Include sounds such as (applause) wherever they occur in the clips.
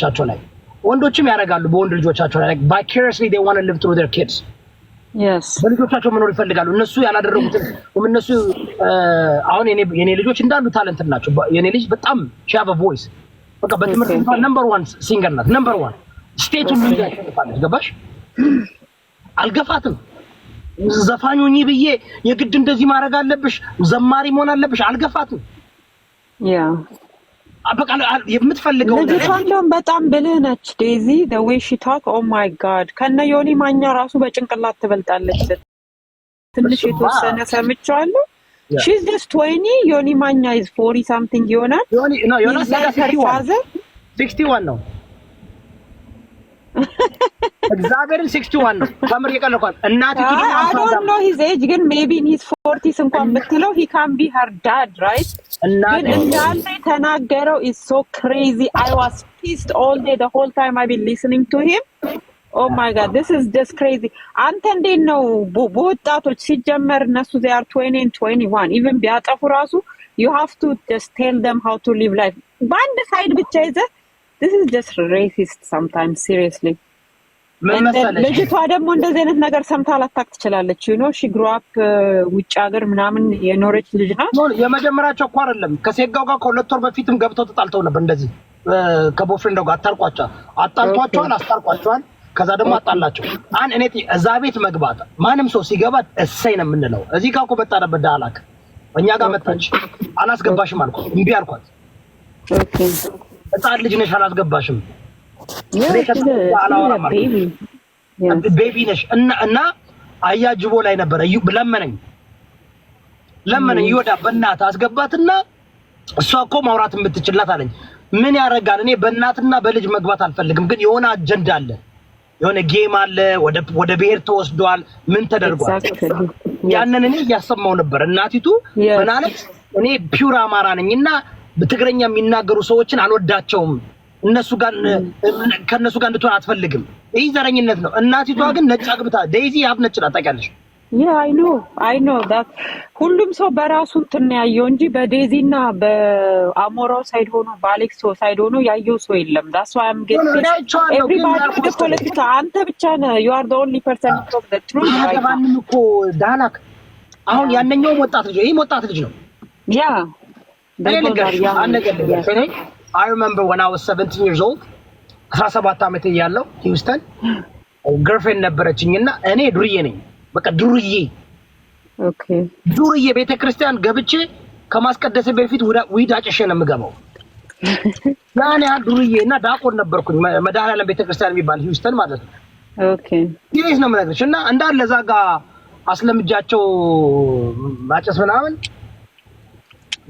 ልጆቻቸው ላይ ወንዶችም ያደርጋሉ። በወንድ ልጆቻቸው ላይ ቫይኬሪየስሊ ዴይ ዋንት ሊቭ ትሩ ዜር ኪድስ በልጆቻቸው መኖር ይፈልጋሉ። እነሱ ያላደረጉትን እነሱ አሁን የኔ ልጆች እንዳሉ ታለንት ናቸው። የኔ ልጅ በጣም ሻቭ ቮይስ በቃ በትምህርት እንኳን ነምበር ዋን ሲንገር ናት። ነምበር ዋን ስቴቱ ምን ያሸንፋለች። ገባሽ? አልገፋትም። ዘፋኞኝ ብዬ የግድ እንደዚህ ማድረግ አለብሽ ዘማሪ መሆን አለብሽ አልገፋትም። በቃ በጣም ብልህ ነች። ዴዚ ደዌ ታክ ኦ ማይ ጋድ ከነ ዮኒ ማኛ ራሱ በጭንቅላት ትበልጣለች። ትንሽ የተወሰነ ሰምቼዋለሁ። ሺዝ ጀስት ወይኒ ዮኒ ማኛ ኢዝ ፎሪ ሳምቲንግ ይሆናል። ሲክስቲ ዋን ነው (laughs) እግዚአብሔርን ሲክስቲ ዋን ነው ከምር ሂዝ ኤጅ ግን ሜይ ቢ ሂዝ ፎርቲስ እንኳን ብትለው ሂ ካን ቢ ሀር ዳድ ራይት ግን እንዳለ ተናገረው። ኢትስ ሶ ክሬዚ አይ ዋስ ፒስድ ኦል ዴይ ዘ ሆል ታይም አይ ቢን ሊስኒንግ ቱ ሂም ኦ ማይ ጋድ ዲስ ኢዝ ጀስት ክሬዚ። አንተ እንዴት ነው በወጣቶች ሲጀመር እነሱ ዜይ አር ትዌንቲ ኤንድ ትዌንቲ ዋን ኢቭን ቢያጠፉ ራሱ ዩ ሃቭ ቱ ጀስት ቴል ደም ሃው ቱ ሊቭ ላይፍ በአንድ ሳይድ ብቻ ይዘህ ዲስ ኢዝ ጀስት ሬሲስት ሰምታይምስ ሲሪየስሊ ልጅቷ ደግሞ እንደዚህ አይነት ነገር ሰምታ ላታቅ ትችላለች። ዩኖ ሺ ግሮፕ ውጭ ሀገር ምናምን የኖረች ልጅ ናት። የመጀመሪያቸው እኮ አይደለም። ከሴጋው ጋር ከሁለት ወር በፊትም ገብተው ተጣልተው ነበር። እንደዚህ ከቦፍሬንዳው ጋር አታርቋቸዋል፣ አጣልቷቸዋል፣ አስታርቋቸዋል። ከዛ ደግሞ አጣላቸው። አን እኔ እዛ ቤት መግባት ማንም ሰው ሲገባ እሰይ ነው የምንለው። እዚህ ጋር እኮ መጣ ነበር ዳላክ እኛ ጋር መጣች። አላስገባሽም አልኳት፣ እምቢ አልኳት። ህፃን ልጅ ነሽ አላስገባሽም ቤቢ ነሽ እና አያጅቦ ላይ ነበረ። ለመነኝ ለመነኝ ይወዳ በእናት አስገባትና እሷ እኮ ማውራት የምትችላት አለኝ። ምን ያደርጋል? እኔ በእናትና በልጅ መግባት አልፈልግም፣ ግን የሆነ አጀንዳ አለ፣ የሆነ ጌም አለ፣ ወደ ብሄር ተወስዷል ምን ተደርጓል? ያንን እኔ እያሰማው ነበር። እናቲቱ ምናለች? እኔ ፒውር አማራ ነኝ እና ትግረኛ የሚናገሩ ሰዎችን አልወዳቸውም እነሱ ጋር ከእነሱ ጋር እንድትሆን አትፈልግም። ይህ ዘረኝነት ነው። እናቲቷ ግን ነጭ አግብታ ዴይዚ ሀብ ነጭ ናት ታውቂያለሽ? አይኖ አይኖ ሁሉም ሰው በራሱ እንትን ያየው እንጂ በዴዚ እና በአሞራው ሳይድ ሆኖ በአሌክሶ ሳይድ ሆኖ ያየው ሰው የለም። ዳስ ዋይ አም ፖለቲካ አንተ ብቻ ነህ። ዩ አር ዘ ኦንሊ ፐርሰን ኦፍ ዘ እኮ ዳላክ አሁን ያነኛውም ወጣት ልጅ ይህም ወጣት ልጅ ነው ያ ነገር አይ ሪመምበር ወን አይ ዋዝ 17 ይርስ ኦልድ 17 ዓመት እያለሁ ሂውስተን ገርልፍሬንድ ነበረችኝ እና እኔ ዱርዬ ነኝ። በቃ ዱርዬ ዱርዬ ቤተ ክርስቲያን ገብቼ ከማስቀደስ በፊት ዊድ አጭሼ ነው የምገባው። (laughs) ያን ያህል ዱርዬ እና ዳቆን ነበርኩኝ። መድኃኔዓለም ቤተ ክርስቲያን የሚባል ሂውስተን ማለት ነው። ይህ ነው የምነግርሽ። እና እንዳለ እዛ ጋ አስለምጃቸው ማጨስ ምናምን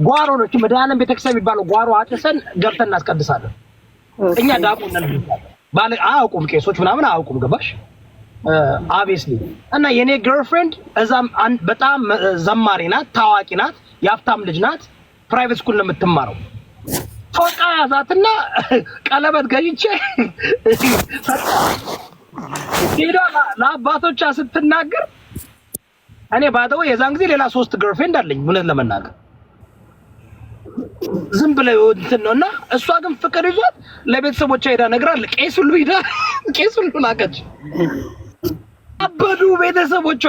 ጓሮ ነች። መድኃኔዓለም ቤተክርስቲያን የሚባለው ጓሮ አጭሰን ገብተን እናስቀድሳለን። እኛ ዳቁ ነን ባለ አያውቁም፣ ቄሶች ምናምን አያውቁም። ገባሽ አቤስሊ እና የኔ ገርልፍሬንድ እዛም በጣም ዘማሪ ናት፣ ታዋቂ ናት፣ የሀብታም ልጅ ናት። ፕራይቬት ስኩል ነው የምትማረው። ፎቃ ያዛትና ቀለበት ገይቼ ሄዳ ለአባቶቿ ስትናገር እኔ ባደው የዛን ጊዜ ሌላ ሶስት ገርልፍሬንድ አለኝ እውነት ለመናገር ዝም ብለ እንትን ነው እና እሷ ግን ፍቅር ይዟት ለቤተሰቦቿ ሄዳ ነግራል። ቄስ ሁሉ ሄዳ ቄስ ሁሉ ላከች። አበዱ ቤተሰቦቿ።